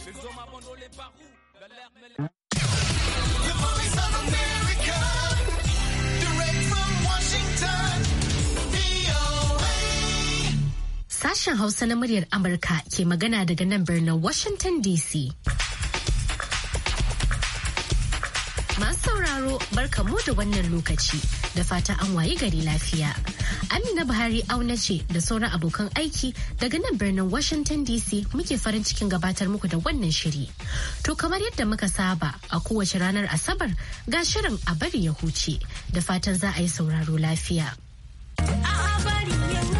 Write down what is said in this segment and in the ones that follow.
Sashen Hausa na muryar Amurka ke magana daga nan birnin Washington DC. Masu sauraro barkamu da wannan lokaci da fata an wayi gari lafiya. Amina Buhari auna ce da sauran abokan aiki daga nan birnin Washington DC muke farin cikin gabatar muku da wannan shiri. To kamar yadda muka saba a kowace ranar Asabar ga shirin a bari ya huce da fatan za a yi sauraro lafiya. A bari ya huce.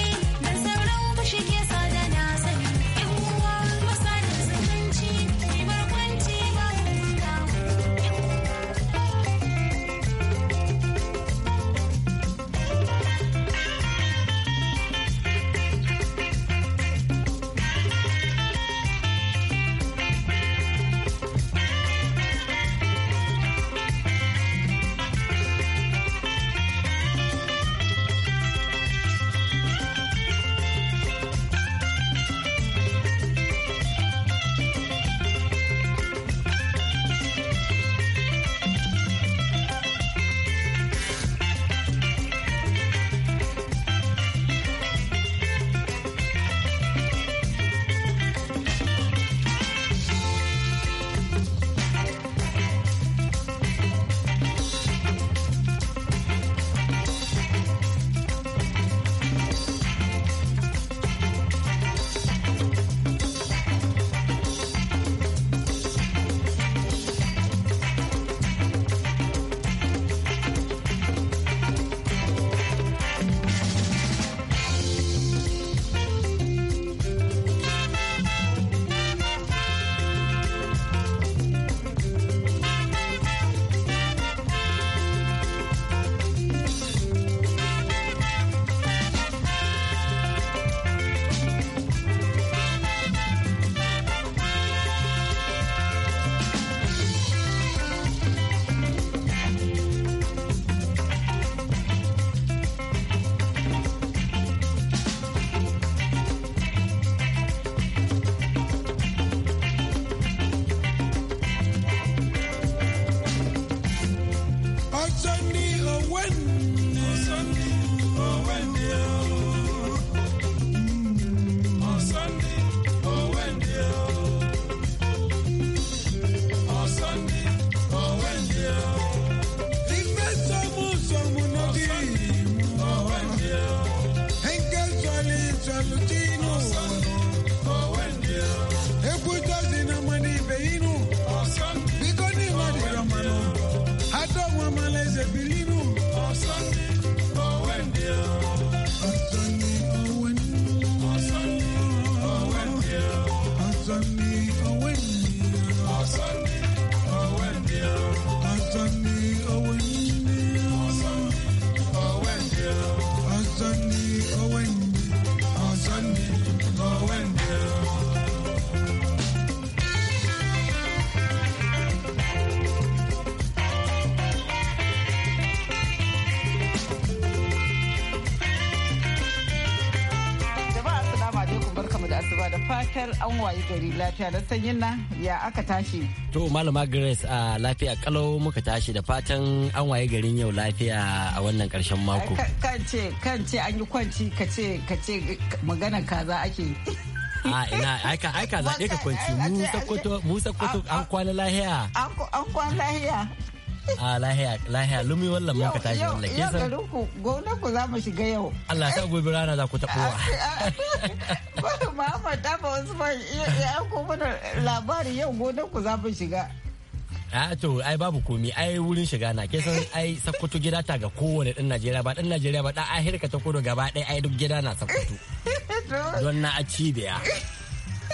an wayi gari lafiya da sanyin nan ya aka tashi. To Malama Grace a lafiya kalau muka tashi da fatan an waye garin yau lafiya a wannan karshen mako. Kance kance an yi kwanci kace kace maganan kaza ake. a ina aika aika zaɓe ka kwanci mu eh, sakkwato eh, mu sakkwato an kwana lahiya. An kwana lahiya. a lahiya lahiya lumi wallan muka tashi wallan ke san yau garin ku gona ku za mu shiga yau Allah ya sa gobe rana za ku taɓowa Muhammad Dafa Usman ya ko mana labarin yau gonar ku za shiga. a ah, to ai babu komi ai wurin shiga na ke san ai sakkwato gida ta ga kowane dan Najeriya ba dan Najeriya ba dan Afirka ta kodo gaba ɗaya ai duk gida na sakkwato don na a cibiya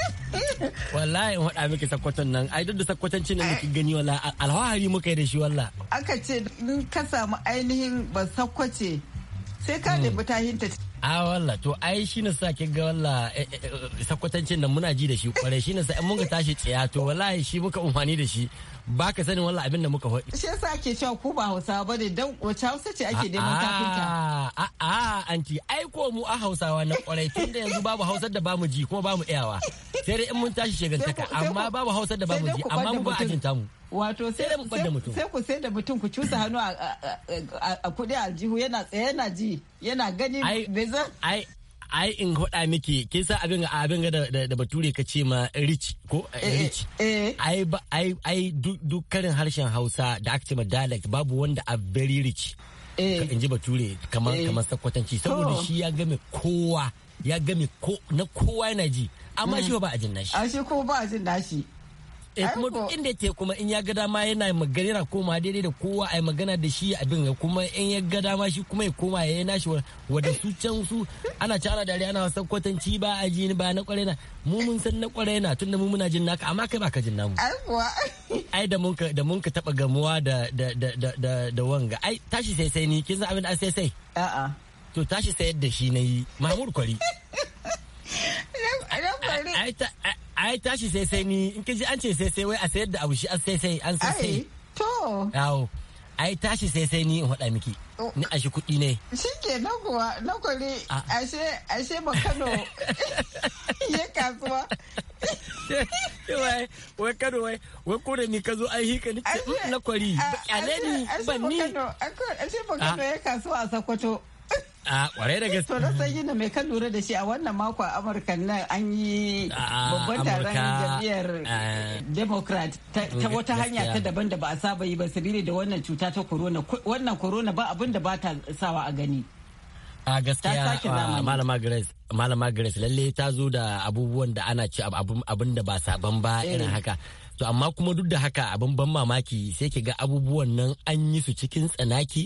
wallahi in faɗa miki sakkwaton nan ai duk da cin nan miki gani walla alhawari muka yi da shi walla aka ce in ka samu ainihin ba sakkwace sai ka hmm. nemi tahinta a walla to ai shi na sa ga walla eh, eh, eh, sakwatancin da muna ji da shi kwarai shi na sa mun ga tashi tsaya to wallahi shi muka umfani da shi ba ka sanin wallah abin da muka faɗi. Shi yasa ake cewa ku ba Hausawa ba ne dan wace Hausa ce ake neman kafinta. A a anti ai ko mu a Hausawa na ƙwarai tun da yanzu babu Hausar da bamu ji kuma bamu iyawa. Sai dai in mun tashi shegantaka amma babu Hausar da bamu ji amma mu ba a jinta tamu. wato sai ku sai da mutum ku cusa hannu a kudi aljihu yana tsaye yana ji yana gani bai zan ai ai in hoda miki ke sa abin ga abin ga da bature ka ce ma rich ko eh, eh, rich eh. ai ba ai ai dukkanin harshen Hausa da aka ce ma dialect babu wanda a very rich in ji bature kamar kamar sakwatanci saboda shi ya game kowa ya game ko na kowa yana ji amma hmm. shi ba a jin nashi a shi ko ba a jin nashi eh kuma duk inda yake kuma in ya ga dama yana magana yana koma daidai da kowa ai magana da shi abin kuma in ya ga dama shi kuma ya koma ya nashi wanda su can su ana ci ana dariya ana wasan kwatanci ba a ji ba na kwarai na mu mun san na kwarai na tunda mu muna jin naka amma kai ba ka jin namu ai da mun ka da mun ka taba gamuwa da da da da da wanga ai tashi sai sai ni kin san abin da sai sai a'a to tashi sai da shi nayi Mahmud Kwari ai ai tashi sai sai ni in kiji an ce sai sai wai a sayar da abu shi an sai sai an sai sai to yawo ai tashi sai sai ni in faɗa miki ni a shi kuɗi ne shi ke na kuwa na kwale ashe ashe ba kano ya kasuwa wai wai kano wai wai ko da ni ka zo ai hika ni mm, na kwari ba ni ban ni ashe ba kano ya kasuwa a sakwato A kwarai da gaske. Tsoron sanyi da mai kan lura da shi a wannan mako a Amurka nan an yi babban taron jam'iyyar Democrat ta wata hanya ta daban da ba a saba yi ba sabili da wannan cuta ta corona. Wannan corona ba abin da ba ta sawa a gani. A gaskiya malama Grace malama Grace lalle ta zo da abubuwan da ana ci abin da ba saban ba irin eh. haka. to amma kuma duk da haka abin ban mamaki sai ki ga abubuwan nan an yi su cikin tsanaki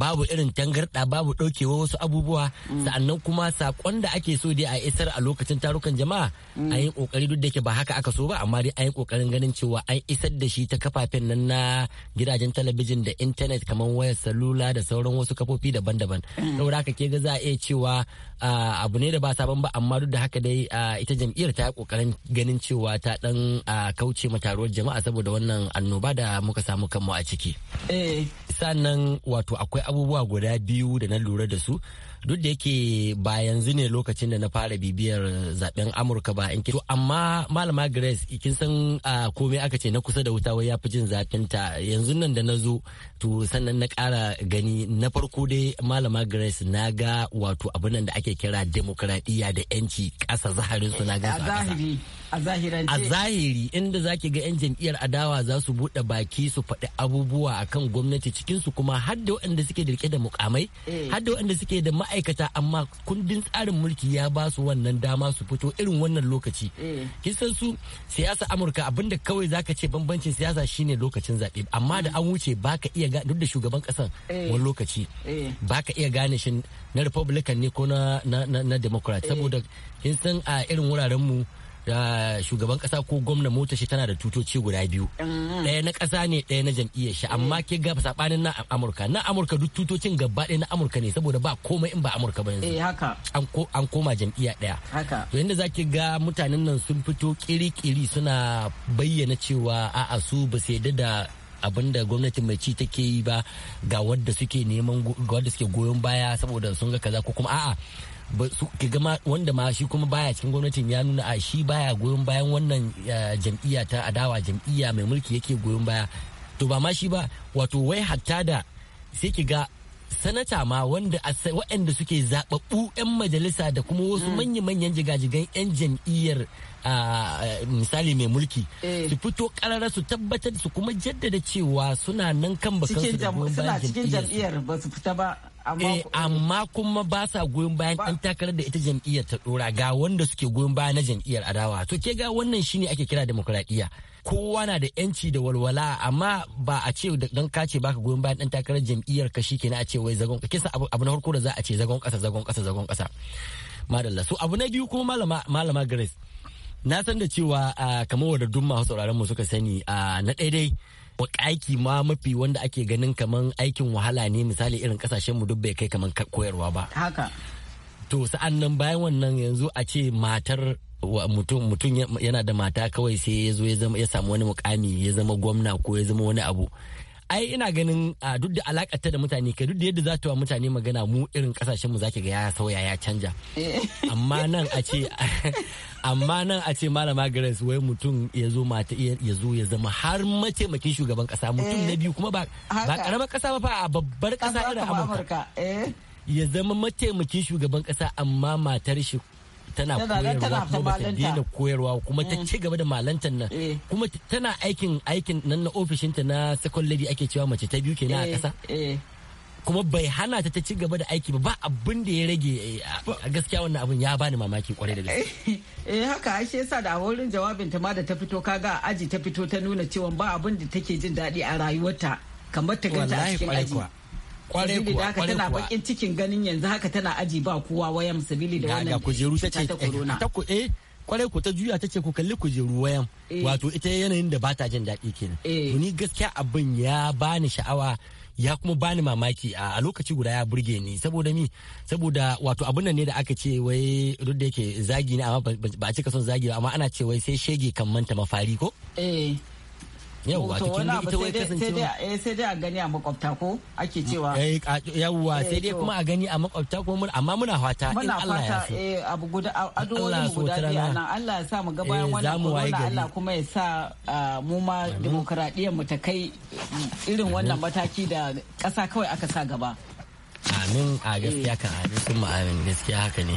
babu irin tangarɗa babu ɗaukewa wasu abubuwa mm. sa'annan kuma sakon da ake so dai a isar a lokacin tarukan jama'a mm. an yi kokari duk da ke ba haka aka so ba amma dai an yi kokarin ganin cewa an isar da shi ta kafafen nan na gidajen talabijin da intanet kamar wayar salula da sauran wasu kafofi daban-daban mm. saboda haka ke ga za a iya cewa abu ne da ba sabon ba amma duk da haka dai ita jam'iyyar ta yi kokarin ganin cewa ta dan kauce mata taruwar jama'a saboda wannan annoba da muka samu kanmu a ciki eh sannan wato akwai abubuwa guda biyu da na lura da su duk da yake ba yanzu ne lokacin da na fara bibiyar zaben amurka ba in to amma malama grace kin san komai aka ce na kusa da wuta wai ya fi jin zafin ta yanzu nan da na zo to sannan na kara gani na farko dai malama grace na ga wato abin da ake kira demokradiyya da yanci kasa zaharin su na ga a zahiri a zahiri inda zaki ga yan jam'iyyar adawa za su buɗe baki su faɗi abubuwa akan gwamnati cikin su kuma har da waɗanda suke da rike da mukamai eh. har da waɗanda suke da ma'aikata ma'aikata amma kundin tsarin mulki ya ba su wannan dama su fito irin wannan lokaci eh. kin su siyasa amurka abinda kawai zaka ce bambancin siyasa shine lokacin zaɓe amma da an wuce baka iya duk da shugaban kasan eh. wani lokaci eh. baka iya gane shi na republican ne ko na na democrat saboda kin san a irin wuraren mu shugaban kasa ko gwamna mota shi tana da tutoci guda biyu mm. ɗaya na kasa ne ɗaya na jam'iyyar shi amma mm. ke ga sabanin na amurka na amurka duk tutocin gaba ɗaya na amurka ne saboda ba komai in ba amurka ba yanzu eh, an koma jam'iyya ɗaya to inda zaki ga mutanen nan sun fito kiri-kiri suna bayyana cewa a'a su ba su yadda da abin da gwamnati mai ci take yi ba ga wadda suke neman ga wadda suke goyon baya saboda sun ga kaza ko kuma a'a ki gama wanda ma shi kuma baya cikin gwamnatin ya nuna a shi baya goyon bayan wannan jam'iyya ta adawa jam'iyya mai mulki yake goyon baya to ba ma shi ba wato wai hatta da sai ki ga sanata ma wanda waɗanda suke zaɓaɓɓu 'yan majalisa da kuma wasu mm. manya-manyan jigajigan 'yan jam'iyyar misali mai mulki eh. su fito ƙarara su tabbatar su kuma jaddada cewa suna nan kan bakansu da goyon bayan jam'iyyar ba su fita ba Eh, amma kuma ba sa goyon bayan ɗan takarar da ita jam'iyyar ta ɗora ga wanda suke goyon baya na jam'iyyar adawa to ke ga wannan shine ake kira demokuraɗiyya kowa na da yanci da walwala amma ba a ce don ka ce baka goyon bayan dan takarar jam'iyyar ka shi kenan a ce wai zagon kisa abu na farko da za a ce zagon kasa zagon kasa zagon kasa madalla so abu na biyu kuma malama malama Grace na san da cewa ah, kamar wadadun masu sauraron mu suka sani ah, na daidai aiki ma mafi wanda ake ganin kaman aikin wahala ne misali irin kasashen mu duk bai kai kaman koyarwa ba haka to sa'an nan bayan wannan yanzu a ce matar mutum mutum yana da mata kawai sai ya zo ya samu wani mukami ya zama gwamna ko ya zama wani abu ai ina ganin a duk da alakar ta da mutane ka duk da yadda za ta wa mutane magana mu irin kasashen mu zaki ga ya sauya ya canja eh. amma nan a ce amma nan a ce malama Grace wai mutum ya zo mata ya zo ya zama har mataimakin shugaban kasa mutum na eh. biyu kuma ba ba karamar kasa ba fa a babbar kasa irin Amurka eh. ya zama mataimakin shugaban kasa amma matar shi tana koyarwa kuma ta daina koyarwa kuma ta mm. ci gaba da malantar nan eh. kuma tana aikin aikin nan na ofishinta na second lady ake cewa mace ta biyu kenan a kasa eh, eh. kuma bai hana ta ta ci gaba da aiki ba ba abin da ya rage a gaskiya wannan abin ya bani mamaki kwarai da gaske eh haka ai shi yasa da wurin jawabin ta ma da ta fito kaga aji ta fito ta nuna cewa ba abin da take jin daɗi a rayuwarta kamar ta ganta a cikin aji kwarai kuwa haka tana bakin cikin ganin yanzu haka tana aji ba kowa wayan sabili da wannan kujeru ta ce ta eh, eh kwarai ku ta juya ta ce ku kalli kujeru wayan eh. wato ita yanayin da bata jin daɗi kenan eh. to ni gaskiya abin ya bani sha'awa ya kuma bani mamaki a lokaci guda ya burge ni saboda mi saboda wato abun nan ne da aka ce wai duk da yake zagi ne amma ba a cika son zagi ba amma ana ce wai sai shege kan manta mafari ko yawwa cikin ita wai kasancewa eh, sai dai a gani a makwabta ko ake mm, cewa eh, yawwa eh, sai dai kuma a gani a makwabta ko mun amma muna fata in Allah ya so abu guda ado mu guda nan Allah ya sa mu ga bayan wannan corona Allah kuma ya sa ah, mu ma demokradiyyar mu ta kai irin wannan mataki da ƙasa kawai aka sa gaba amin a gaskiya kan amin kuma amin gaskiya haka ne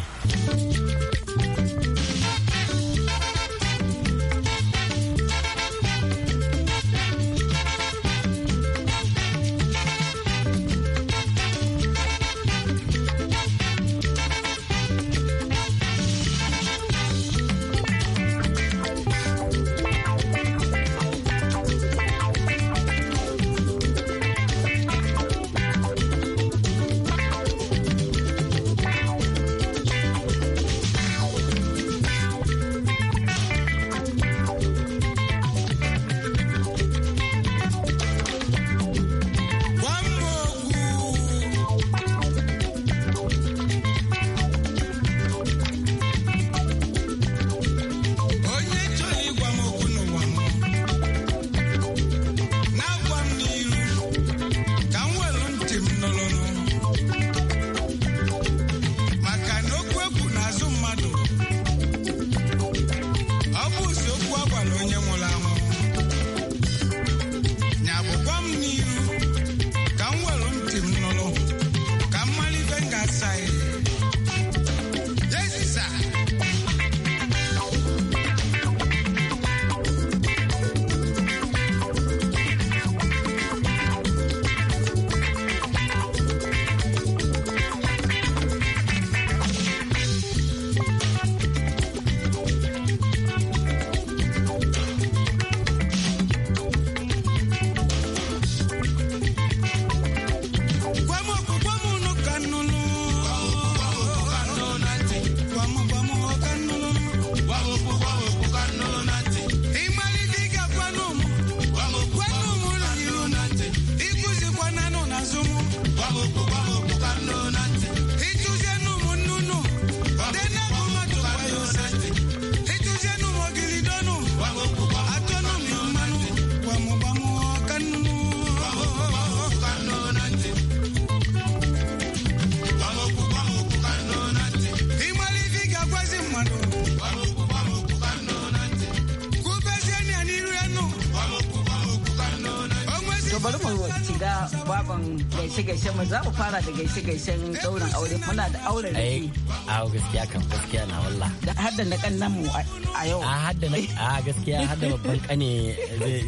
baban gaishe gaishe mu za mu fara da gaishe gaishen daurin aure muna da aure da ke a gaskiya kan gaskiya na wallah har da na kannan mu a yau a har da a gaskiya har da babban kane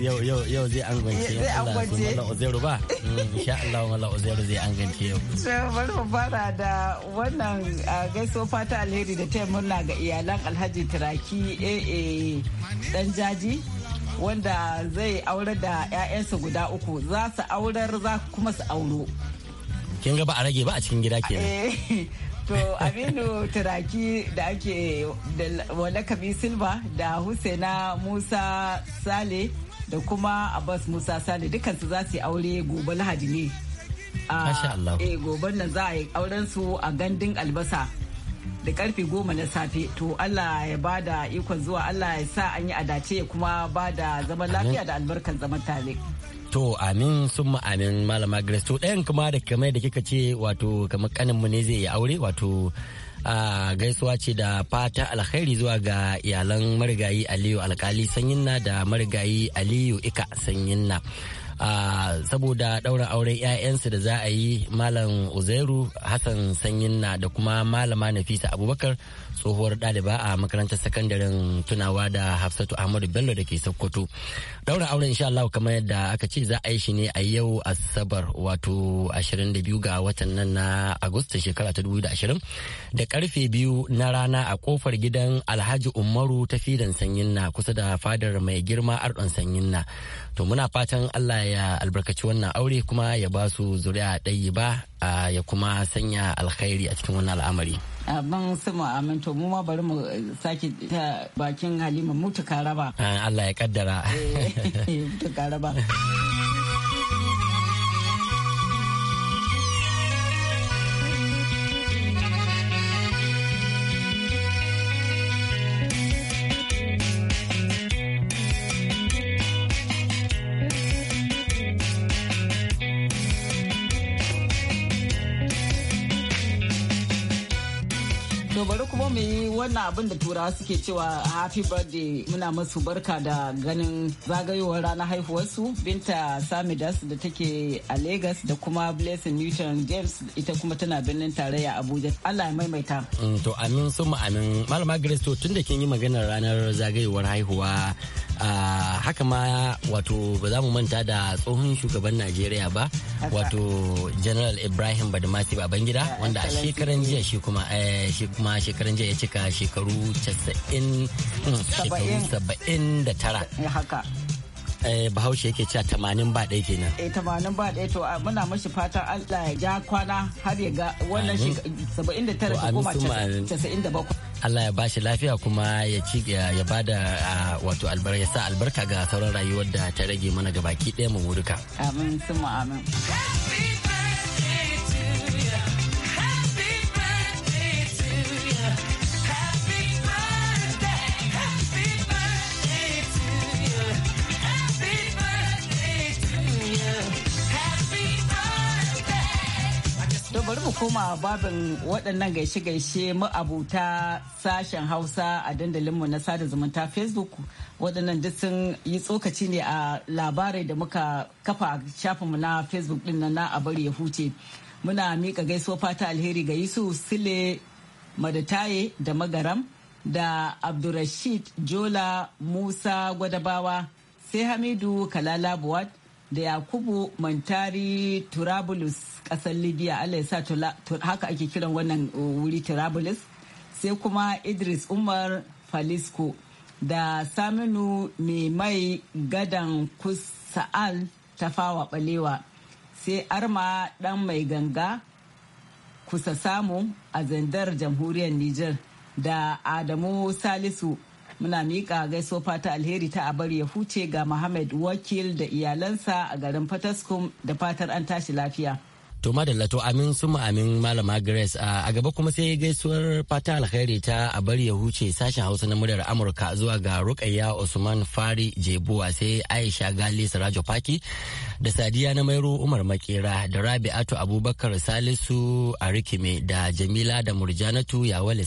yau yau yau zai angance zai angance Allah uzairu ba mm, insha Allah wala uzairu zai angance yau So bari mu fara da wannan gaisuwa fata alheri da taya murna ga iyalan Alhaji Turaki AA dan jaji wanda zai aure da 'ya'yansa guda uku za su aurar za kuma su auro kin ga ba a rage ba a cikin gida kenan eh, to aminu turaki da ake da wale kami silva da husaina musa sale da kuma abbas musa sale dukansu za su yi aure gobe lahadi ne ah, Eh gobe nan za a yi auren su a gandun albasa da karfe goma na safe to Allah ya bada ikon zuwa Allah ya sa an yi adace ya kuma bada zaman lafiya da albarkan zaman tare. To amin sun amin malama Grace to ɗayan kuma da kamar da kika ce wato kamar kaninmu ne zai yi aure wato a gaisuwa ce da fata alkhairi zuwa ga iyalan marigayi aliyu alkali na da marigayi aliyu ika na. saboda daura auren 'ya'yansu da za a yi malam uzairu hassan sanyin na da kuma malama nafisa abubakar tsohuwar ɗaliba a makarantar sakandaren tunawa da hafsatu ahmadu bello da ke sokoto ɗaura auren insha Allah kamar yadda aka ce za a yi shi ne a yau asabar wato 22 ga watan nan na agusta shekara ta 2020 da karfe biyu na rana a kofar gidan alhaji umaru ta fidan sanyin na kusa da fadar mai girma ardon sanyin na to muna fatan Allah ya albarkaci wannan aure kuma ya ba su zuri'a ɗayi ba ya kuma sanya alkhairi a cikin wannan al'amari. abin sama amin to mu ma bari mu eh, sake ta bakin halima mutu karaba ah, Allah ya kaddara eh, eh, mutu karaba abin da turawa suke cewa happy birthday muna masu barka da ganin zagayowar ranar haihuwarsu binta samidas da take a lagos da kuma blessing newton james ita kuma tana birnin tarayya abuja allah ya maimaita mm, to amin sun amin malama grace to tun da kin yi maganar ranar zagayowar haihuwa haka ma wato ba za mu manta da tsohon shugaban najeriya ba wato general ibrahim badmati babangida wanda a shekaran jiya shi kuma eh, shi kuma shekaran jiya ya cika shekaru 90 hmm, shekaru 79 eh, bahaushe yake cewa tamanin ba ɗaya kenan. Eh tamanin ba ɗaya to muna mashi fatan Allah ya ja kwana har ya ga wannan saba'in da tara 97 casa'in da bakwai. Allah ya bashi lafiya kuma ya ci ya bada wato albar ya sa albarka ga sauran rayuwar da ta rage mana gabaki ɗaya mu duka. Amin, sun amin. kuma koma babin waɗannan gaishe-gaishe ma'abuta sashen hausa a dandalinmu na sada zumunta facebook waɗannan duk sun yi tsokaci ne a labarai da muka kafa shafinmu na facebook ɗin nan na a bari ya huce muna miƙa gaisuwa fata alheri ga yusuf sile madataye da magaram da abdurrashid jola musa gwadabawa sai hamidu kalala buwat da yakubu mantari turabulus kasar libya allah ya sa haka ake kiran wannan uh, wuri turabulus sai kuma idris umar falisco da saminu mai mai gadan kusa'al tafawa balewa sai arma dan mai ganga kusa samu a zandar jamhuriyar niger da adamu salisu muna miƙa gaiso fata alheri ta abar ya huce ga Muhammad Wakil da iyalansa a garin Fataskum da fatar an tashi lafiya. To madalla to amin sun amin malama Grace a gaba kuma sai gaisuwar fata alkhairi ta a bari ya huce sashen Hausa na muryar Amurka zuwa ga Rukayya Usman Fari Jebuwa sai Aisha Gali Sarajo Faki da Sadiya na Mairo Umar Makera da Rabi'atu Abubakar Salisu Arikime da Jamila da Murjanatu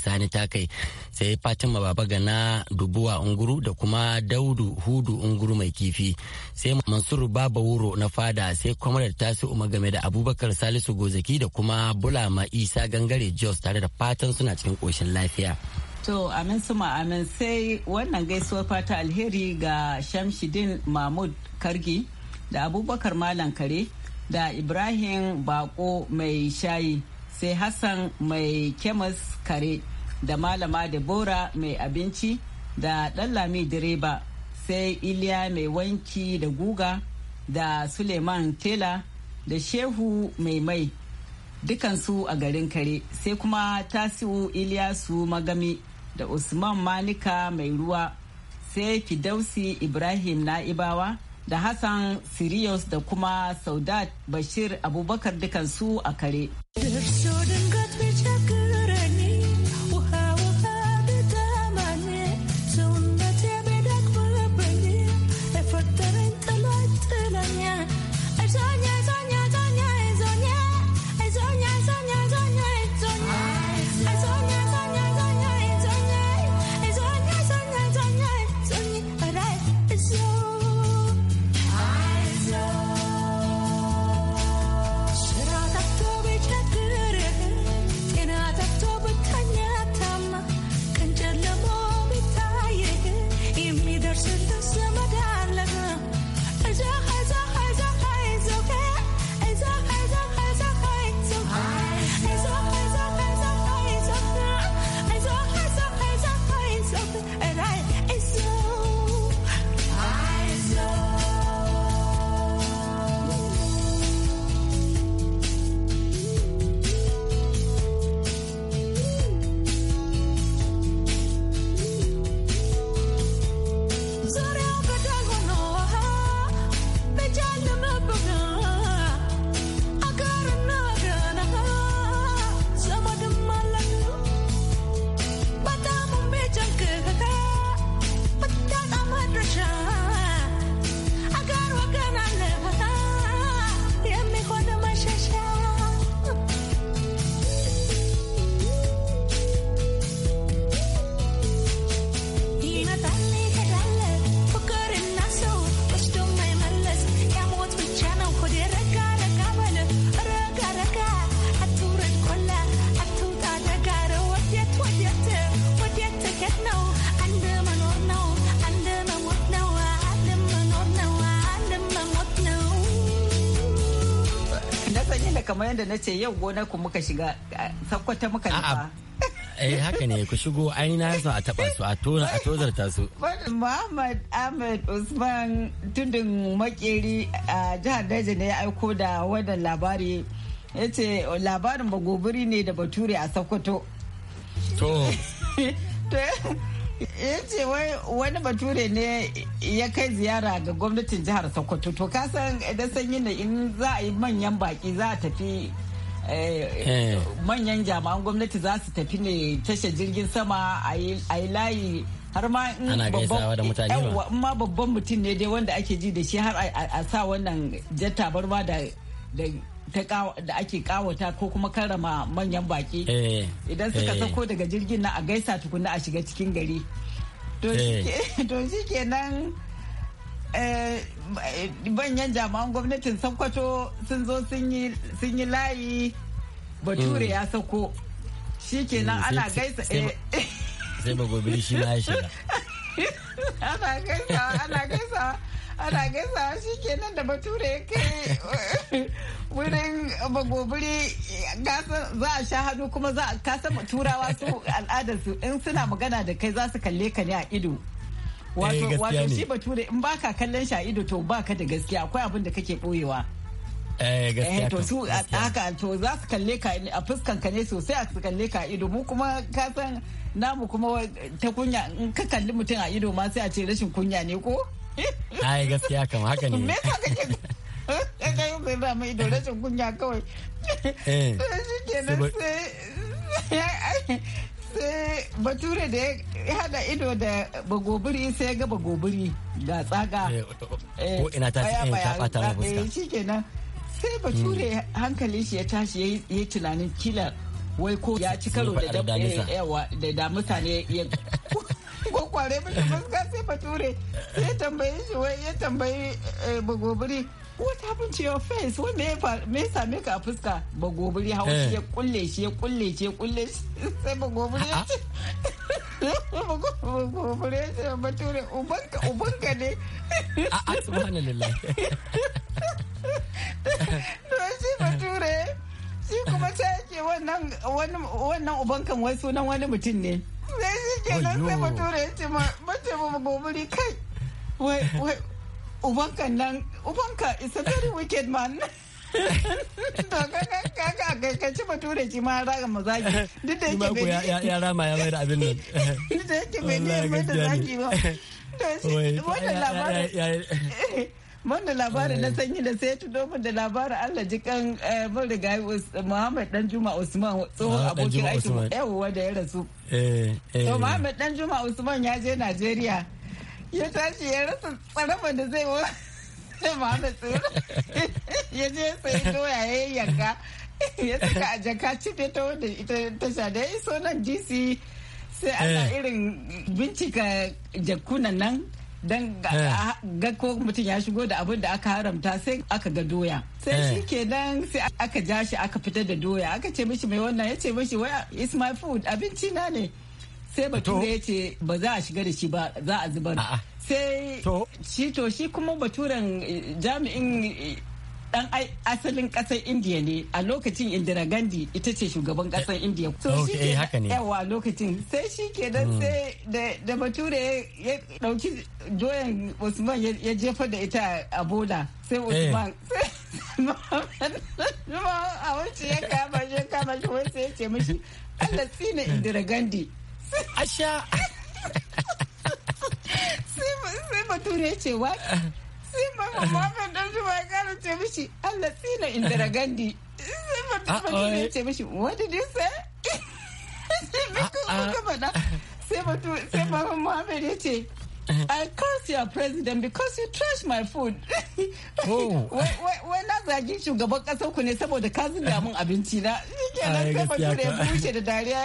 sani ta kai sai Fatima Babagana Dubuwa Unguru da kuma Daudu Hudu Unguru Mai Kifi sai Mansur Baba Wuro na Fada sai Kwamar Tasi Umar game da Abubakar salisu gozaki da kuma bulama isa gangare jos tare da fatan suna cikin koshin lafiya to amin suma amin sai wannan gaisuwar fata alheri ga shamshidin mahmud kargi da abubakar malam kare da ibrahim bako mai shayi sai hassan mai kemis kare da malama debora mai abinci da ɗanlami direba sai iliya mai wanki da guga da suleiman tela da shehu mai mai dukansu a garin kare sai kuma tasiu iliyasu magami da usman manika mai ruwa sai fidausi ibrahim na'ibawa da hassan sirius da kuma saudat bashir abubakar dukansu a kare da na ce yau gonar ku muka shiga sakwata muka nufa. eh haka ne ku shigo ainihin na yasa a taba su a tona a tozarta su Muhammad Ahmed Usman tundin makeri a jihar Daji ne ya aiko da wannan labari ya ce labarin gobiri ne da bature a Sokoto to ya ce wani bature ne ya kai ziyara ga gwamnatin jihar sokoto to kasan da sanyi da in za a yi manyan baki za a tafi eh, eh. manyan jami'an gwamnati za su tafi ne tashe jirgin sama a yi layi har ma in ma babban mutum ne dai wanda ake ji da shi har a sa wannan jatta barba da da ake kawata ko kuma karrama manyan baki eh, idan suka eh. sako daga jirgin nan a gaisa tukuna a shiga cikin gari to eh. shi nan banyan jama'an gwamnatin sokoto sun zo sun yi layi bature mm. ya sako shi nan mm, ana gaisa sai ba gobe shi ma ya shiga ana gaisawa ana gaisawa ana gaisa shi kenan da bature kai wurin bagobiri za a sha hannu kuma za a kasa turawa su al'adarsu in suna magana da kai za su kalle ka ne a ido wato eh, shi bature in baka kallon shi a ido to baka da gaskiya akwai abin da kake boyewa eh, eh to su haka to za su kalle ka a fuskan ka ne sosai a su kalle ka ido mu kuma ka san namu kuma ta kunya in ka kalli mutum a ido ma sai a ce rashin kunya ne ko ai gaskiya kam haka ne me yasa kake kai kai ba mu ido rashin kunya kawai eh shi sai bature da ya hada ido da bagobiri sai ya ga bagobiri ga tsaga eh, ko ina ta eh, eh, ta bata na fuska shi kenan sai bature hmm. hankali shi ya tashi ya yi tunanin kila wai ko ya ci karo da damusa ne kwakware ta fuska sai bature sai ya tambaye shi wai ya tambayi eh, bagobiri what happened to your face wai me ya same ka a fuska bagobiri hawa eh. ya kulle shi ya kulle shi ya kulle shi sai bagobiri ya ce bagobiri ya ce bature ubanka ubanka ne a'a subhanallah to shi bature shi kuma ta yake wannan ubankan wai sunan wani mutum ne kenan sai bature ya ce mace ma gobiri kai wai wai ubanka nan ubanka is a very wicked man to kaka ka ci bature shi ma raga mazaki duk da yake bai ya rama ya bayar abin nan duk da yake bai ne mai da zaki ba wannan labarin Wanda labarin na eh. sanyi da sai tuno min da labarin Allah jikan eh, marigayi Muhammad Dan Juma Usman tsohon abokin aikin wa da ya rasu. Eh, to Muhammad Dan Juma Usman ya je Najeriya ya tashi ya rasa tsaraman da zai wa Muhammad tsoro ya je sai doya ya yanka ya saka a jaka cike ta wanda ita tasha da ya iso nan DC sai ana irin bincika jakunan nan Dan eh. ga ko mutum ya shigo da abin da aka haramta sai aka ga doya sai eh. shi kenan sai aka ja shi aka fitar da doya aka ce mishi mai wannan ya ce mishi waya is my food abinci na ne sai bature ya ce ba za a shiga da shi ba za a zubar sai shi to shi kuma baturen eh, jami'in dan asalin kasar indiya ne a lokacin indira gandhi ita ce shugaban kasar indiya so shi ke eh, yawa lokacin sai shi ke dan hmm. sai da bature ya dauki doyan usman ya jefa da ita a boda eh. sai usman a wancan ya kama shi ya kama shi wai sai ya ce mashi allah tsina indira gandhi asha sai bature ya ce wa sifar muhammad dan zuba ya kara ce mishi allah tsina indira gandi sifar ah, tufani ne ce mishi what did you say sai muhammad ah, ah. muhammad ya ce I curse your president because you trash my food. Oh. Wai na zagin shugaban kasar ku ne saboda ka zuga min abinci na. kenan sai bature ya bushe da dariya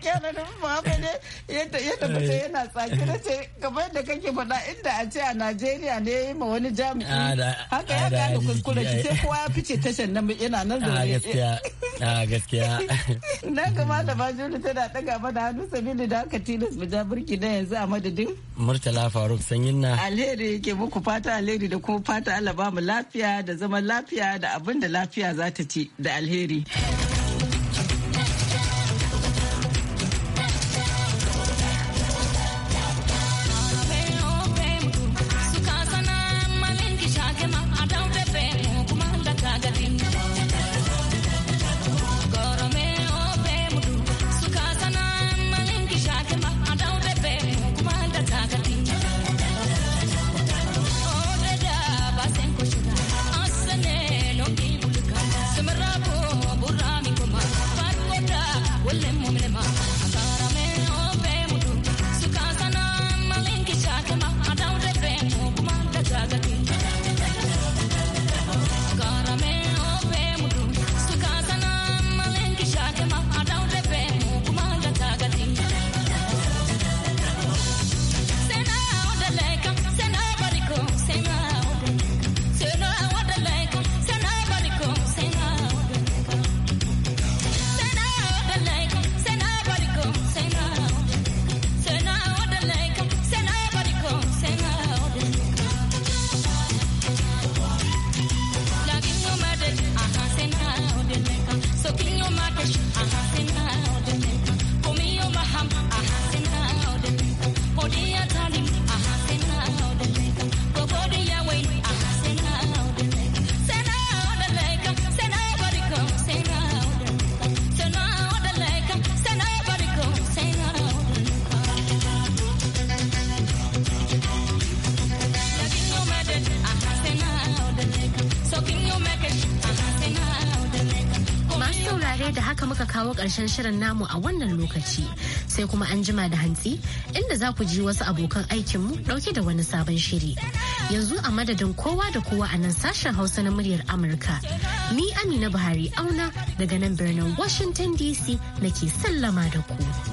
kenan da ya tabbata yana tsaki na ce kamar yadda kake faɗa inda a ce a najeriya ne ya yi ma wani jami'i ah, haka ah, ya gane kuskure sai kowa ya fice yana nan ah, zaune a gaskiya na gama da tana ɗaga mana hannu sabili da haka tilas mu ja na yanzu a madadin murtala faruk sanyin na alheri yake muku fata alheri da kuma fata allah ba mu lafiya da zaman lafiya da abin da lafiya za ta ci da alheri. ƙarshen shirin namu a wannan lokaci sai kuma an jima da hantsi inda za ku ji wasu abokan aikinmu ɗauke da wani sabon shiri. Yanzu a madadin kowa da kowa a nan sashen Hausa na muryar Amurka. Ni Amina Buhari auna daga nan birnin Washington DC nake sallama da ku.